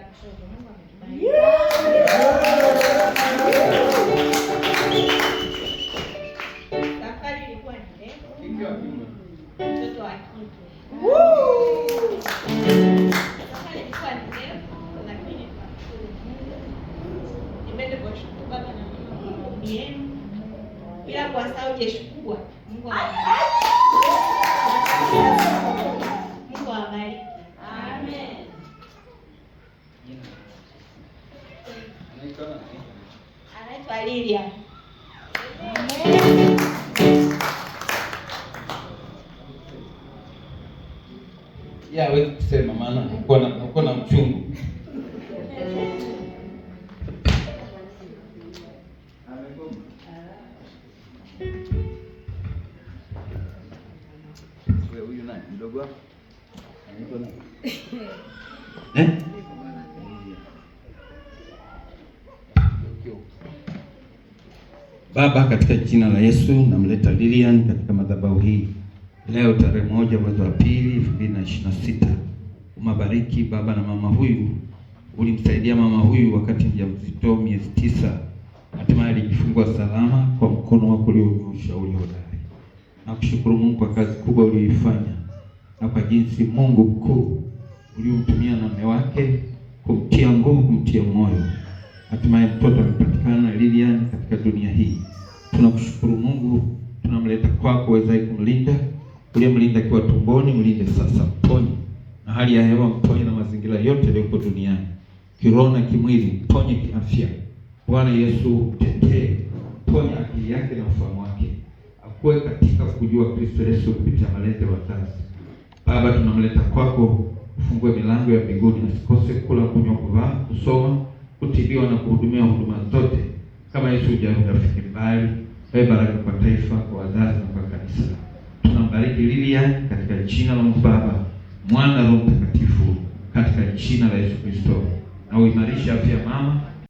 ya mshoto. anaitwa Lilia. Ya hawezi kusema maana uko na mchungu. Huyu nani mdogo wako? Eh? Baba, katika jina la Yesu namleta Lilian katika madhabahu hii leo tarehe moja mwezi wa pili elfu mbili na ishirini na sita. Umabariki baba na mama huyu, ulimsaidia mama huyu wakati mjamzito miezi tisa, hatimaye alijifungua salama kwa mkono wako ulionyosha ulio hodari. Nakushukuru Mungu kwa kazi kubwa uliyoifanya na kwa jinsi Mungu mkuu uliomtumia na mume wake kumtia nguvu, kumtia moyo hatimaye mtoto amepatikana Lilian katika dunia hii. Tunakushukuru Mungu, tunamleta kwako uwezaye kumlinda. mlinda akiwa tumboni, mlinde sasa, mponye na hali ya hewa, mponye na mazingira yote yaliyoko duniani, kiroho na kimwili, mponye kiafya. Bwana Yesu, tetee, mponye akili yake na ufahamu wake, akuwe katika kujua Kristo Yesu kupitia malezi ya wazazi. Baba, tunamleta kwako, ufungue milango ya mbinguni, asikose kula, kunywa, kuvaa, kusoma kutibiwa na kuhudumiwa huduma zote kama Yesu hujawahi mbali. Wewe baraka kwa taifa, kwa wazazi na kwa kanisa. Tunambariki Lilia katika jina la Mungu Baba, Mwana, Roho Mtakatifu, katika jina la Yesu Kristo, na uimarishe afya mama